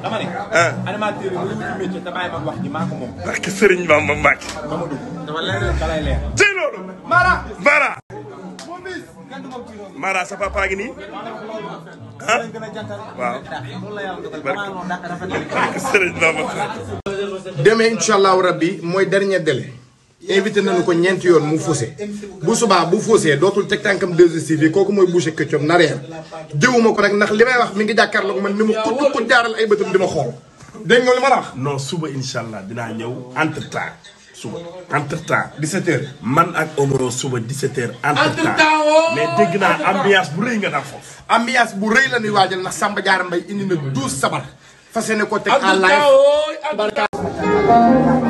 dama ne. Ah. animateur yi mu ngi ci métier te bàyyi ma wax ji maa ko moom. parce que Serigne Bamba Mbacke. dama dugg dama leer da lay leer. ci loolu. Mara Mara. Mara sa papa gi nii. ah waaw. barke Serigne Bamba. demee incha allahu rabbi mooy dernier délai. invité nañu ko ñeenti yoon mu faussé bu subaa bu faussé dootul teg tànkam 2STV yi kooku mooy Boucher Ketchup na reer jëwuma ko rek ndax li may wax mi ngi jàkkaarloog man ni mu ko ko jaaral ay bëtam di ma xool dégg nga li ma la wax. non suba incha allah dinaa ñëw entre temps suba entre temps. 17h man ak Omaro suba 17h. entre temps mais dégg naa ambiance bu rëy nga daal foofu. ambiance bu rëy la ñuy waajal ndax Samba Diarra Mbaye indi na 12 sabar fas yéene ko teg en live. Oh!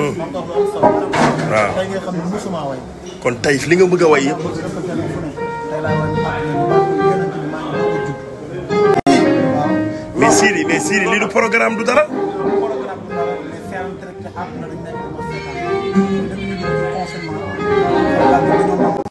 waaw tey nga xam ne musuma way kon li du programme du dara